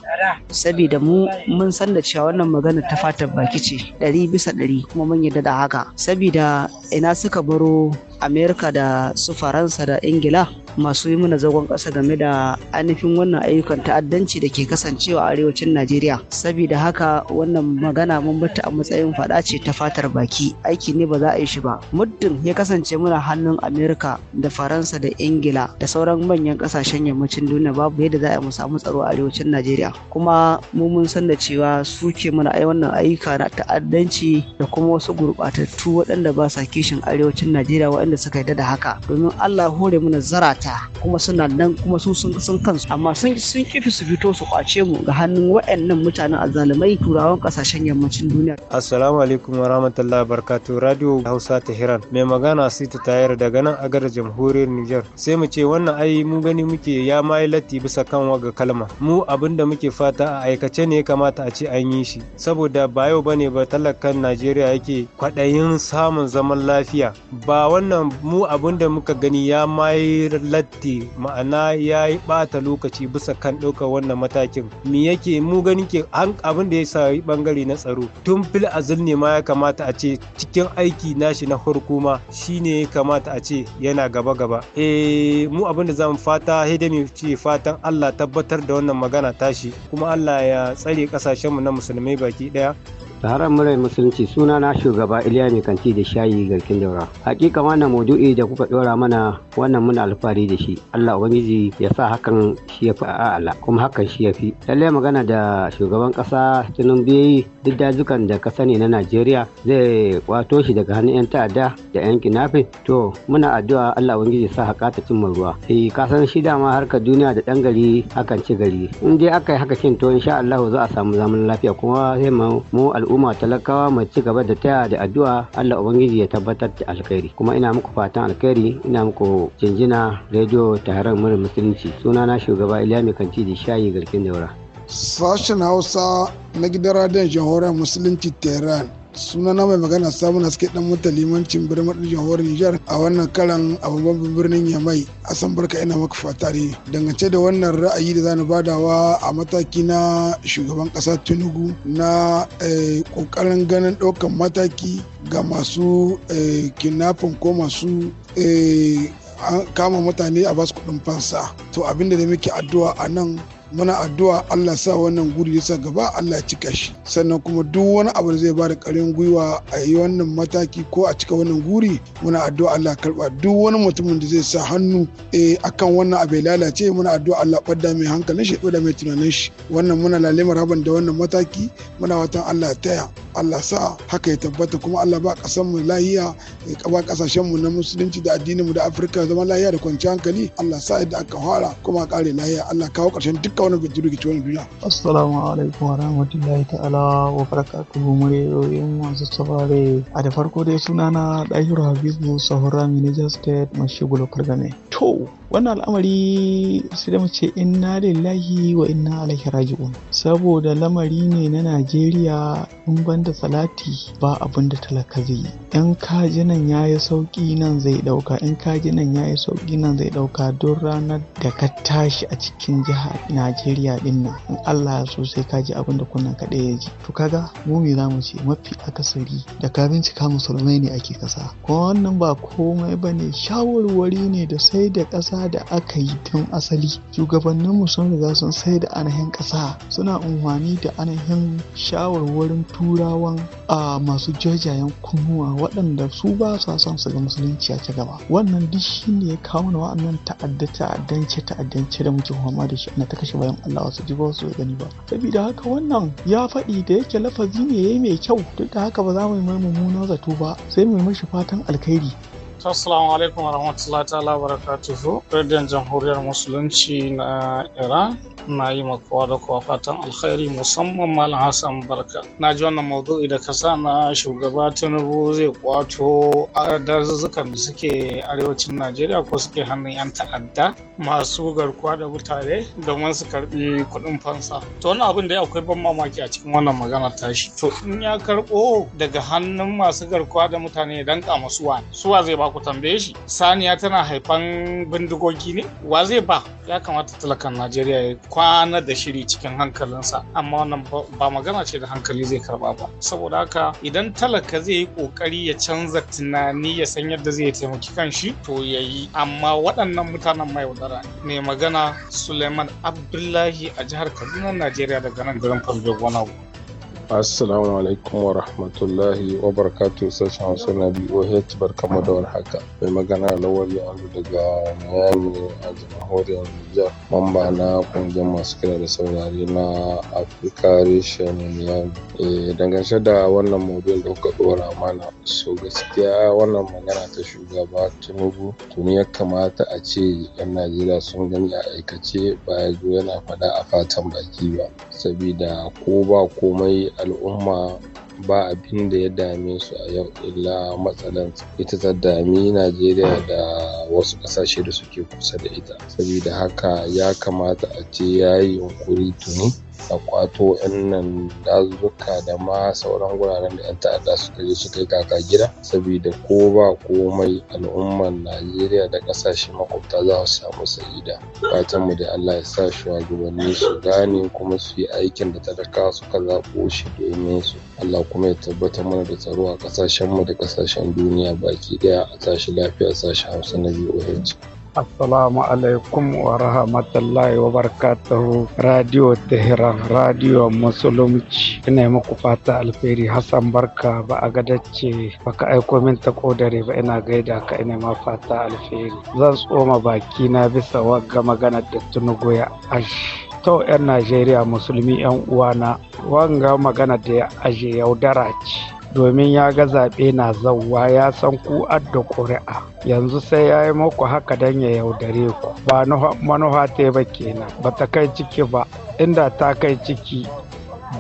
Sabida mu mun san da cewa wannan magana ta fatan baki ce ɗari bisa ɗari kuma mun yarda da haka. Sabida ina suka baro amerika da su faransa da ingila masu yi mana zagon ƙasa game da ainihin wannan ayyukan ta'addanci da ke kasancewa a arewacin najeriya saboda haka wannan magana mun bata a matsayin faɗa ce ta fatar baki aiki ne ba za a yi shi ba muddin ya kasance muna hannun amerika da faransa da ingila da sauran manyan ƙasashen yammacin duniya babu yadda za a mu samu tsaro a arewacin najeriya kuma mu mun san da cewa su ke mana ai wannan ayyuka na ta'addanci da kuma wasu gurɓatattu waɗanda ba sa kishin arewacin najeriya waɗanda suka yarda da haka domin Allah hore mana zarata kuma suna nan kuma su sun sun kansu amma sun sun kifi su fito su kwace mu ga hannun waɗannan mutanen azzalumai turawan kasashen yammacin duniya assalamu alaikum wa rahmatullahi wa radio Hausa tahiran mai magana Sita Tayar daga nan a agar jamhuriyar Niger sai mu ce wannan ai mu gani muke ya mai latti bisa kan waga kalma mu abin da muke fata a aikace ne kamata a ce an yi shi saboda ba yau bane ba talakan Najeriya yake kwaɗayin samun zaman lafiya ba wannan wannan mu abin da muka gani ya mai latti ma'ana ya yi bata lokaci bisa kan ɗaukar wannan matakin me yake mu gani ke abin da ya sa bangare na tsaro tun fil azil ne ma ya kamata a ce cikin aiki nashi na farko ma shine ya kamata a ce yana gaba gaba eh mu abin da zamu fata hede mu ce fatan Allah tabbatar da wannan magana tashi kuma Allah ya tsare kasashen mu na musulmai baki daya Saharar Murai Musulunci suna na shugaba Iliya Mai Kanti da Shayi Garkin Daura. Hakika wannan maudu'i da kuka ɗora mana wannan muna alfahari da shi. Allah Ubangiji ya sa hakan shi ya fi a'ala kuma hakan shi ya fi. Lallai magana da shugaban ƙasa tunan biyayi duk dazukan da ka sani na Najeriya zai kwato shi daga hannun 'yan ta'adda da 'yan kinafi To muna addu'a Allah Ubangiji ya sa haka ta cimma ruwa. Eh ka san shi dama harkar duniya da ɗan gari hakan ci gari. In dai aka yi haka kin to insha Allahu za a samu zaman lafiya kuma sai mu al'umma al'umma talakawa mai ci gaba da taya da addu'a Allah ubangiji ya tabbatar da alkhairi kuma ina muku fatan alkhairi ina muku jinjina rediyo taron murin musulunci sunana shugaba Iliya Mai Kanti da Shayi Garkin Daura sashen Hausa na gidan radiyon jamhuriyar musulunci Tehran suna na mai magana samu na suke dan mutan limancin birnin jamhuriyar Nijar a wannan karan a babban birnin Yamai asan barka ina maka fatari dangance da wannan ra'ayi da zani badawa a mataki na shugaban ƙasa Tinubu na kokarin eh, ganin ɗaukan mataki ga masu eh, kidnapping ko masu eh, kama mutane a basu kuɗin fansa to abinda da muke addu'a a nan muna addu'a Allah sa wannan guri ya sa gaba Allah cika shi sannan kuma duk wani abu da zai ba da ƙarin gwiwa a yi wannan mataki ko a cika wannan guri muna addu'a Allah karba duk wani mutumin da zai sa hannu eh akan wannan abu lalace muna addu'a Allah ɓadda mai hankalin shi ɓadda mai tunanin shi wannan muna lalimar haban da wannan mataki muna watan Allah ya taya Allah sa haka ya tabbata kuma Allah ba kasan mu lahiya ya ba kasashen mu na musulunci da addinin mu da Afirka zama lahiya da kwanciyar hankali Allah sa yadda aka fara kuma kare lahiya Allah kawo ƙarshen duk dukkan wani rikici wani duniya. Assalamu alaikum wa rahmatullahi ta'ala wa barakatuhu muryoyin masu saurare. A da farko dai suna na Dahiru Habibu Sahura Minijan State Mashigu Lokar To, wannan al'amari sai da mace inna lillahi wa inna alaihi raji'un saboda lamari ne na najeriya in banda salati ba abin da talaka zai yi in kaji nan ya yi sauki nan zai ɗauka. in kaji nan ya yi sauki nan zai ɗauka don ranar da ka tashi a cikin jiha na Najeriya din nan in Allah ya so sai ka ji abin da kunnen kaɗai ya ji to kaga mu me zamu ce mafi akasari da ka bincika musulmai ne ake kasa kuma wannan ba komai bane shawarwari ne da sai da ƙasa da aka yi tun asali shugabanninmu sun riga sun sai da anahin ƙasa suna umfani da anahin shawarwarin turawan a masu jajayen kunnuwa waɗanda su ba sa son su ga musulunci a ci gaba wannan duk shine ya kawo na ta'adda ta'addance ta'addance da muke fama da shi na ta kashe wasu bayan Allah wasu ji ba su gani ba saboda haka wannan ya faɗi da yake lafazi ne yayi mai kyau duk da haka ba za mu yi mai mummunan zato ba sai mu yi mashi fatan alkhairi Assalamu alaikum rahmatullahi ta'ala barakatuhu. Radiyon Jamhuriyar Musulunci na Iran na yi makowa da kowa fatan alkhairi musamman Malam Hassan Barka. Na ji wannan maudu'i da kasa na shugaba Tinubu zai kwato dazuzzukan da suke arewacin Najeriya ko suke hannun 'yan ta'adda masu garkuwa da mutane domin su karbi kuɗin fansa. To wani abin da ya akwai ban mamaki a cikin wannan magana tashi. To in ya karɓo daga hannun masu garkuwa da mutane dan kama suwa. Suwa zai ba ku tambaye shi saniya tana haifan bindigogi ne wa zai ba ya kamata talakan najeriya ya kwana da shiri cikin hankalinsa amma wannan ba magana ce da hankali zai karba ba saboda haka idan talaka zai yi kokari ya canza tunani ya san yadda zai taimaki kan shi to ya yi amma waɗannan mutanen mai wadara mai magana suleiman abdullahi a jihar kaduna najeriya daga nan garin farbe gona Assalamu alaikum wa rahmatullahi wa barakatuh sashen Hausa na BOH kama da haka. Mai magana Lawali Alu daga Miami a jamhuriyar Nijar. Mamba na kungiyar masu kira da saurari na Afirka Reshen Miami. Eh dangance da wannan mobil da kuka dora mana so gaskiya wannan magana ta shugaba Tinubu tuni ya kamata a ce 'yan Najeriya sun gani a aikace ba ya zo yana faɗa a fatan baki ba. Sabida ko ba komai al'umma ba abin da ya dame su a yau illa matsalan ita ta dami najeriya da wasu kasashe da suke kusa da ita Sabida haka ya kamata a ce ya yi yunkuri tuni Da kwato 'yan nan dazuka da ma sauran wuraren da 'yan ta'adda suka je suka yi kaka gida Sabida ko ba komai al'umman najeriya da kasashe makwabta za su samu sa'ida fatan mu da allah ya sa shugabanni su gane kuma su yi aikin da talaka suka zaɓo shi domin su allah kuma ya tabbatar mana da tsaro a kasashen mu da ƙasashen duniya baki ɗaya a tashi lafiya sashi hausa na biyu Assalamu alaikum wa rahmatullahi wa barakatuhu Radio Tehran Radio Musulunci ina muku fata alheri Hassan Barka ba a gadace baka aiko min ta kodare ba ina gaida ka ina ma fata alheri zan tsoma baki na bisa wagga magana da tunugu ya ash to 'yan Najeriya musulmi 'yan uwana wanga magana da ya aje yaudara ce domin ya ga zaɓe na zauwa ya san ku adda ƙuri'a yanzu sai ya yi maku haka don ya yaudare ku ba manuwa ta ba kenan ba ta kai ciki ba inda ta kai ciki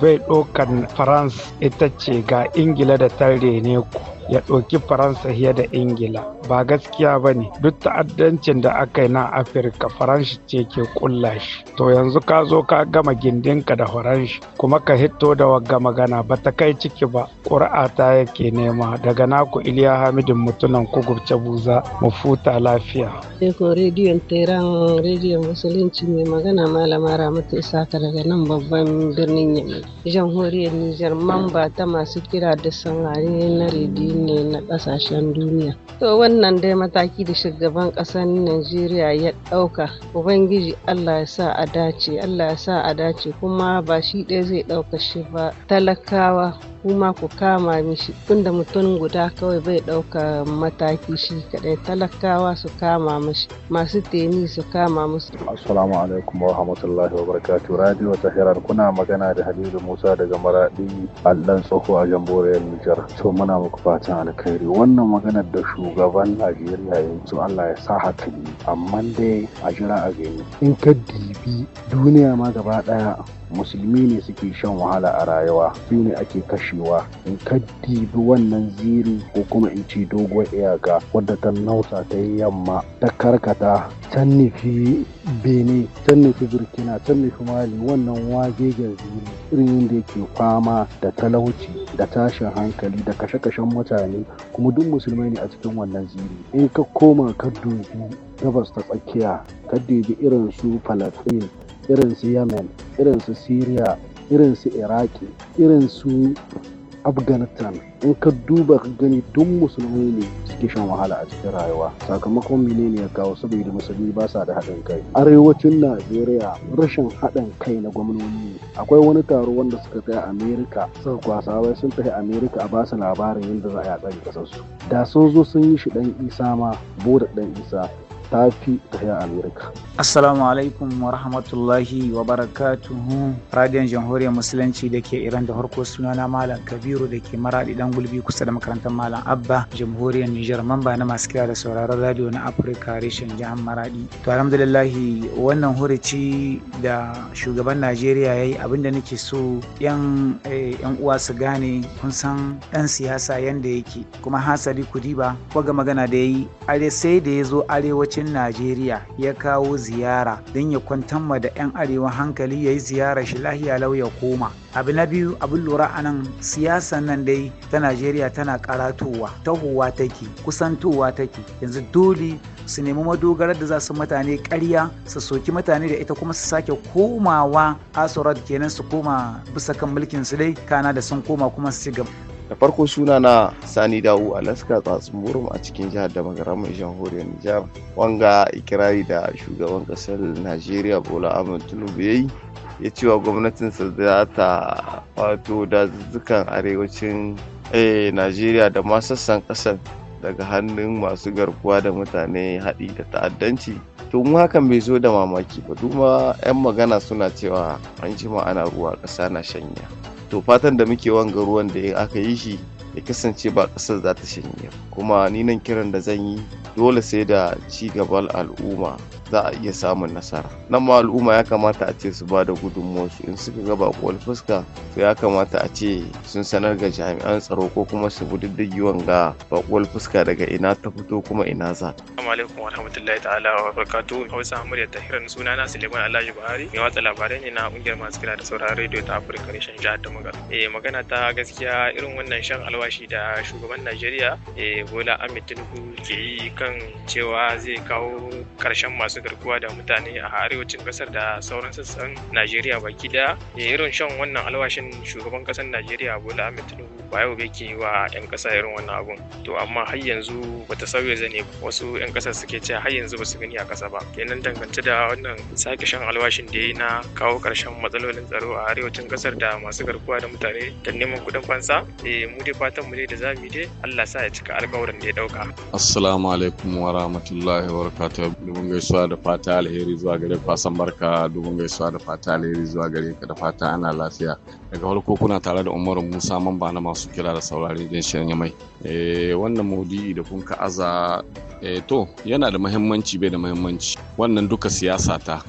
bai ɗaukan Faransa ita ce ga ingila da ta rene ku ya ɗauki faransa fiye da ingila ba gaskiya ba ne duk ta'addancin da aka yi na afirka faranshi ce ke kulla shi to yanzu ka zo ka gama gindinka da faranshi kuma ka hito da wagga magana ba ta kai ciki ba ƙuri'a ta yake nema daga naku iliya hamidin mutunan kugurce buza mu futa lafiya ko rediyon teran rediyon musulunci mai magana malama ramatu isaka daga nan babban birnin yamma jamhuriyar nijar mamba ta masu kira da sanare na rediyo ne na ƙasashen duniya to wannan dai mataki da shugaban ƙasar najeriya ya ɗauka ubangiji allah ya sa a dace allah ya sa a dace kuma ba shi ɗaya zai ɗauka shi ba talakawa kuma ku kama mishi tunda mutum guda kawai bai ɗauka mataki shi kaɗai talakawa su kama mishi masu temi su kama musu. Assalamu alaikum wa rahmatullahi wa barakatu radio ta hirar kuna magana da Halilu Musa daga Maraɗi Allan Tsoho a Jambore Nijar. To muna muku fatan alkhairi wannan maganar da shugaban Najeriya yanzu Allah ya sa haka ne amma dai a jira a gani in ka dibi duniya ma gaba ɗaya musulmi ne suke shan wahala a rayuwa su ne ake kashewa in ka dibi wannan ziri ko kuma in ce doguwar iyaka wadda ta nausa ta yi yamma ta karkata can nufi bene can nufi burkina can nufi mali wannan waje ga ziri irin yadda yake fama da talauci da tashin hankali da kashe-kashen mutane kuma duk musulmai ne a cikin wannan ziri in ka koma ka dubi gabas ta tsakiya ka dubi irin su falastin irin su yemen irin su syria irin su iraki irin su afghanistan in ka duba ka gani duk musulmi ne suke shan wahala a cikin rayuwa sakamakon ne ya kawo saboda musulmi ba sa da haɗin kai arewacin najeriya rashin haɗin kai na gwamnoni akwai wani taro wanda suka tsaya amerika suka kwasa wai sun tafi amerika a basu labarin yadda za a yi a tsari kasarsu da sun zo sun yi shi ɗan isa ma boda ɗan isa ta fi a Amerika. Assalamu alaikum wa rahmatullahi wa barakatuhu. Radiyon Jamhuriyar Musulunci da ke Iran da harko sunana Malam Kabiru da ke Maradi dan gulbi kusa da makarantar Malam Abba, Jamhuriyar Nijar mamba na masu kira da sauraron radio na Afirka reshen jihar Maradi. To alhamdulillahi wannan hurici da shugaban Najeriya ya yayi da nake so eh, yan uwa su gane kun san dan siyasa yanda yake kuma hasari kudi ba ko ga magana da yayi are sai da ya zo arewaci arewacin najeriya ya kawo ziyara don ya kwantar ma da 'yan arewa hankali ya yi ziyara shi lahiya lau ya koma abu na biyu abin lura a nan siyasan nan dai ta najeriya tana karatowa tahowa take kusantowa take yanzu dole su nemi madogara da za su mutane karya su soki mutane da ita kuma su sake komawa asorat kenan su koma bisa kan mulkin su dai kana da sun koma kuma su ci gaba da farko suna na sani dawo alaska tsatsun burum a cikin jihar da magaramar jamhuriyar nijar wanga ikirari da shugaban kasar najeriya bola ahmed tinubu ya yi ya cewa gwamnatinsa za ta wato dazuzzukan arewacin eh, najeriya da ma sassan kasar daga hannun masu garkuwa da mutane haɗi da ta'addanci to mu hakan bai zo da mamaki ba duma 'yan magana suna cewa an jima ana ruwa ƙasa na shanya to fatan da muke wanga ruwan da aka yi shi ya kasance ba ƙasar za ta shanye kuma ninan kiran da zan yi dole sai da ci gaban al'umma za a iya samun nasara nan ma al'umma ya kamata a ce su ba da gudunmuwarsu in suka ga bakuwar fuska to ya kamata a ce sun sanar ga jami'an tsaro ko kuma su bi diddigi wanga bakuwar fuska daga ina ta fito kuma ina za. Assalamu alaikum wa rahmatullahi ta'ala wa barakatuhu Hausa Ahmad ya Tahiran suna na Suleiman Alhaji Buhari mai watsa labarai ne na kungiyar masu kira da sauraron rediyo ta Afirka nation jihar ta Magal. Eh magana ta gaskiya irin wannan shan alwashi da shugaban Najeriya eh Bola Ahmed ke yi kan cewa zai kawo karshen masu garkuwa da mutane a arewacin kasar da sauran sassan najeriya baki da ya eh, irin shan wannan alwashin shugaban kasar najeriya bola ahmed tinubu ba yau bai ke wa ƴan kasa irin wannan abun to amma har yanzu bata sauya zane wasu ƴan kasar suke cewa har yanzu ba su gani a kasa ba kenan dangance da wannan sake shan alwashin da ya na kawo karshen matsalolin tsaro a arewacin kasar da masu garkuwa da mutane da neman kuɗin fansa eh mu dai fatan mu dai da zamu dai Allah sa ya cika alƙawarin da ya dauka assalamu alaikum wa rahmatullahi wa barakatuh gaisuwa da fata alheri zuwa gare ku Hassan Barka dubin gaisuwa da fata alheri zuwa gare ka da fata ana lafiya. Daga farko kuna tare da Umaru Musa mamba na masu kira da saurari din shirin mai. Eh, wannan maudu'i da kun ka aza eh, to yana da muhimmanci bai da muhimmanci wannan duka siyasa ta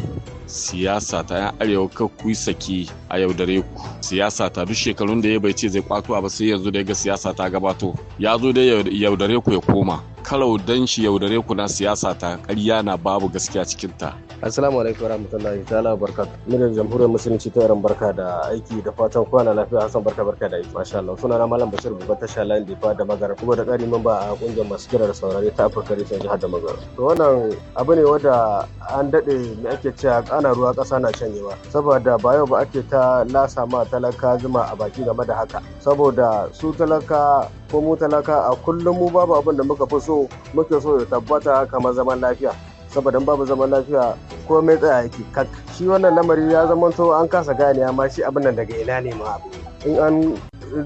siyasa ta yan arewa ka ku saki a yaudare ku siyasa ta duk shekarun da ya bai ce zai kwato a ba sai yanzu da ya ga siyasa ta gabato ya zo da yaudare ku ya koma Kalau dan shi yaudare ku na siyasa ta ƙarya na babu gaskiya cikin ta assalamu alaikum warahmatullahi ta'ala barkatu muryar jamhuriyar musulunci ta yaran barka da aiki da fatan kwana lafiya Hassan barka barka da aiki masha Allah suna na malam bashir babban tasha layin difa da magara kuma da ƙari mamba a kungiyar masu kira da saurare ta afirka reshen jihar da magara to wannan abu ne wanda an daɗe me ake a ƙana ruwa ƙasa na shanyewa saboda ba yau ba ake ta lasa ma talaka zuma a baki game da haka saboda su talaka ko mu talaka a kullum mu babu abin da muka fi so muke so ya tabbata kamar zaman lafiya saboda babu zaman lafiya mai tsaya yake kak shi wannan lamari ya zama so an kasa gane ma shi abin nan daga ina ne ma in an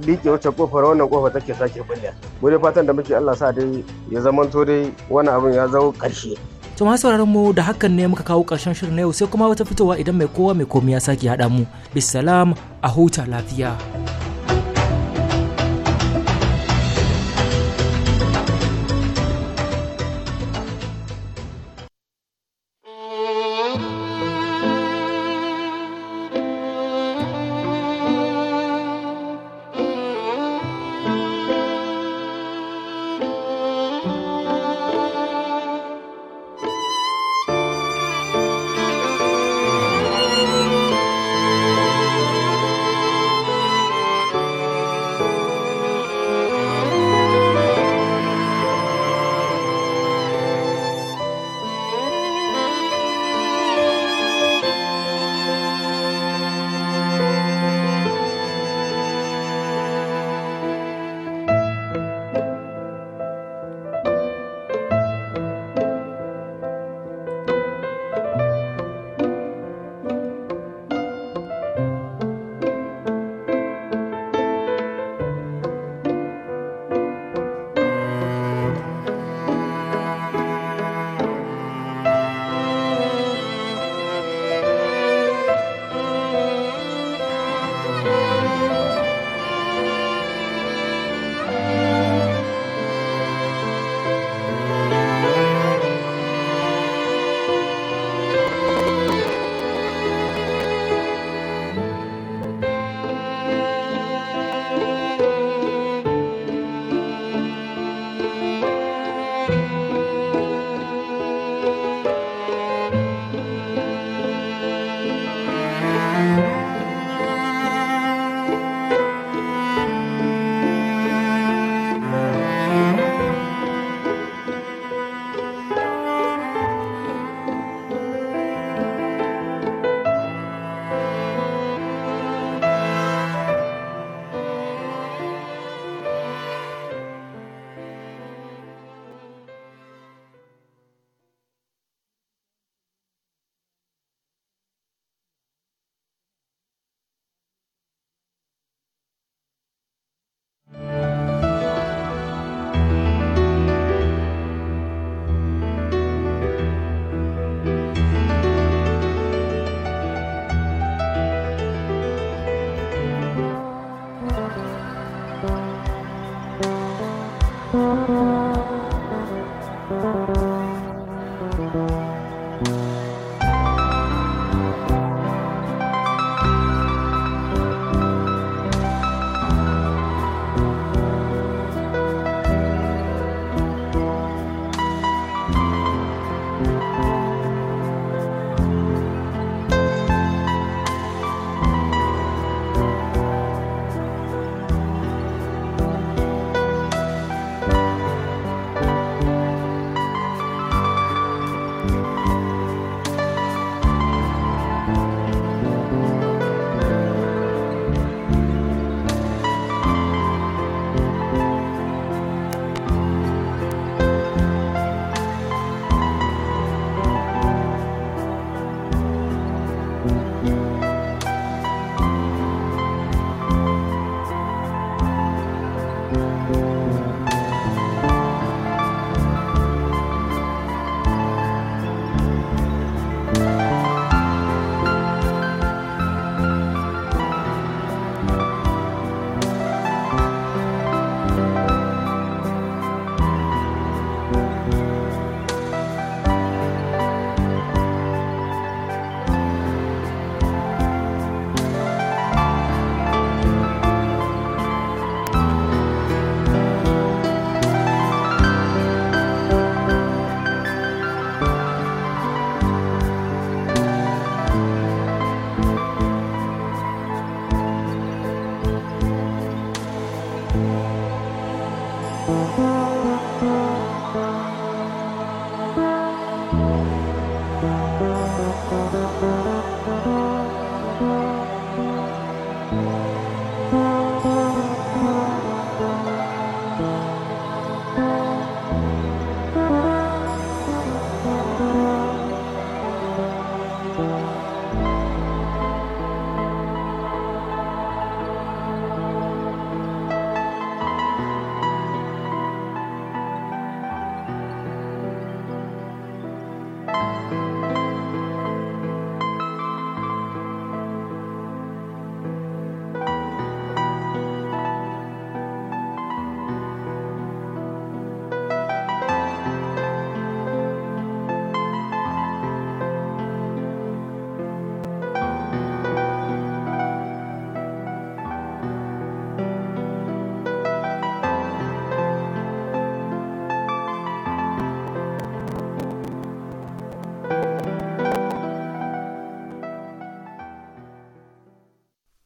liƙe wacce kofar wannan kofa take sake bulla mu dai fatan da muke Allah sa dai ya zama to dai wannan abin ya zo ƙarshe to masu sauraron mu da hakan ne muka kawo karshen shirin na yau sai kuma wata fitowa idan mai kowa mai komai ya sake hada mu bisalam a huta lafiya.